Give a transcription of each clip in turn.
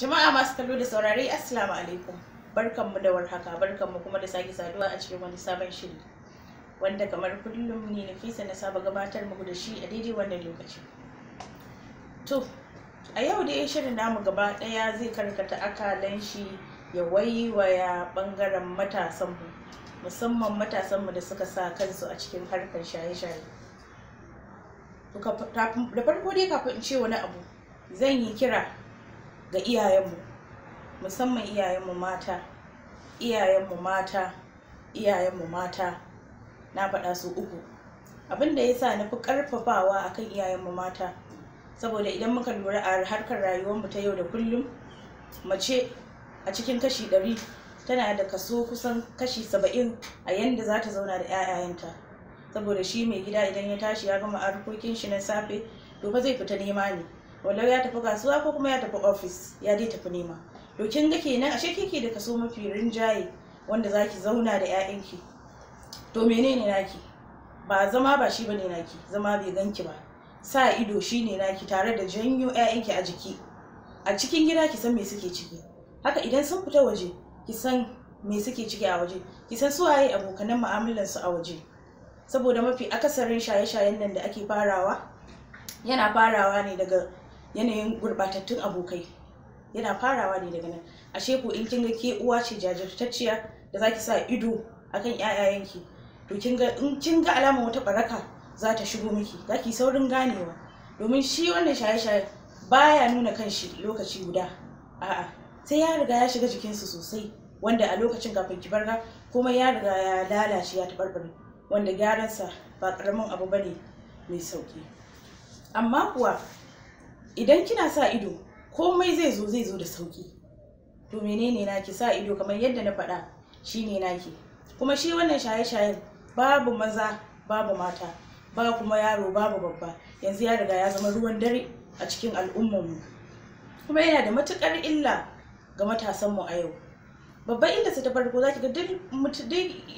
Jama'a masu kallo da saurare Assalamu alaikum. mu da warhaka, mu kuma da sake saduwa a cikin wani sabon shiri. Wanda kamar kullum ne Nafisa na saba gabatar muku da shi a daidai wannan lokaci. To, a yau dai shirin namu gaba ɗaya zai karkata akalan shi ya waiwaya ɓangaren matasanmu, musamman matasanmu da suka sa kansu a cikin harkar shaye-shaye. Da farko dai kafin in ce wani abu, zan yi kira ga iyayenmu musamman iyayenmu mata iyayenmu mata iyayenmu mata na faɗa su uku abin da ya sa na fi ƙarfafawa akan iyayenmu mata saboda idan muka lura a harkar rayuwarmu ta yau da kullum mace a cikin kashi ɗari tana da kaso kusan kashi saba'in a yadda za ta zauna da 'ya'yanta. saboda shi mai gida idan ya tashi ya gama harkokin shi na safe to fa zai fita nema ne walau ya tafi kasuwa ko kuma ya tafi ofis ya dai tafi nema to kin ga kenan ashe kike da kaso mafi rinjaye wanda zaki zauna da ƴaƴanki to menene naki ba zama ba shi bane naki zama bai ganki ba sa ido shine naki tare da janyo ƴaƴanki a jiki a cikin gida ki san me suke ciki haka idan sun fita waje ki san me suke ciki a waje ki san su waye abokanan mu'amalar su a waje saboda mafi akasarin shaye-shayen nan da ake farawa yana farawa ne daga yanayin gurbatattun abokai yana farawa ne daga nan ashe ko in kin ga ke uwa ce jajirtacciya da zaki sa ido akan ƴaƴayenki to kin ga in kin ga alamar wata baraka za ta shigo miki zaki saurin ganewa domin shi wannan shaye-shaye baya nuna kanshi lokaci guda a'a sai ya riga ya shiga jikinsu sosai wanda a lokacin kafin ki barga kuma ya riga ya lalace ya tabarbare wanda gyaransa ba ƙaramin abu bane mai sauki amma kuwa idan kina sa ido komai zai zo zai zo da sauki to menene naki sa ido kamar yadda na faɗa shine naki kuma shi wannan shaye-shayen babu maza babu mata ba kuma yaro babu babba yanzu ya riga ya zama ruwan dare a cikin mu. kuma yana da matukar illa ga matasanmu a yau babban illa ta farko za ki ga duk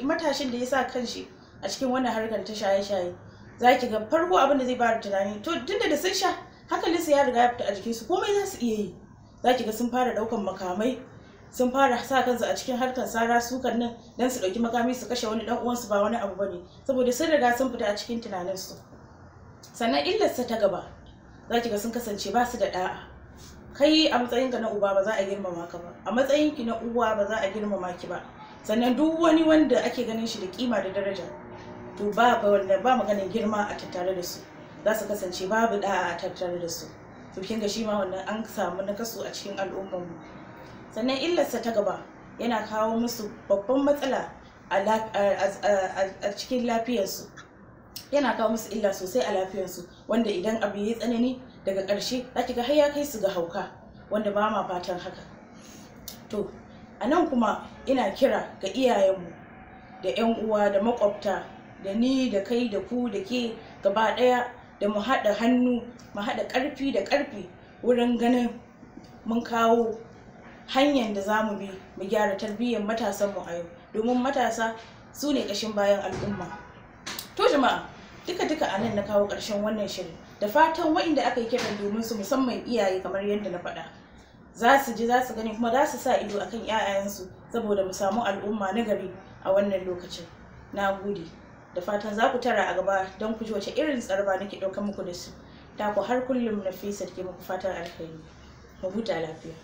matashin da ya sa kanshi a cikin wannan harkar ta shaye-shaye za ki ga farko abin da zai fara tunani to tunda da sun sha hankalinsu ya riga ya fita a jikinsu komai za su iya yi za ki ga sun fara ɗaukan makamai sun fara sa kansu a cikin harkar sara sukan nan don su ɗauki makami su kashe wani ɗan uwansu ba wani abu bane saboda sun riga sun fita a cikin tunaninsu sannan illarsa ta gaba za ki ga sun kasance ba su da ɗa'a kai a matsayinka na uba ba za a girmama ka ba a matsayinki na uwa ba za a girmama ki ba sannan duk wani wanda ake ganin shi da kima da daraja to ba ba wannan ba maganin girma a tattare da su za su kasance babu da'a a tattare da su to kin ga shi ma wannan an samu nakasu a cikin al'ummar mu sannan illarsa ta gaba yana kawo musu babban matsala a cikin lafiyarsu yana kawo musu illa sosai a lafiyar su, wanda idan abu ya tsanani daga ƙarshe za ki ga har ya kai su ga hauka wanda ba ma fatan haka to a nan kuma ina kira ga iyayenmu da 'yan uwa da makwabta da ni da kai da ku da ke gaba ɗaya da mu haɗa hannu mu haɗa ƙarfi da ƙarfi wurin ganin mun kawo hanyar da za mu bi mu gyara tarbiyyar mu a yau domin matasa su ne ƙashin bayan al'umma to jama'a duka duka a nan na kawo ƙarshen wannan shirin da fatan waɗanda aka yi kiran domin su musamman iyaye kamar yadda na faɗa za su ji za su gani kuma za su sa ido akan 'ya'yansu saboda mu samu al'umma na gari a wannan lokacin na gode da fatan za ku tara a gaba don ku ji wace irin tsarba nake ɗaukar muku da su ta ku har kullum na fesa ke muku fatan alheri mu huta lafiya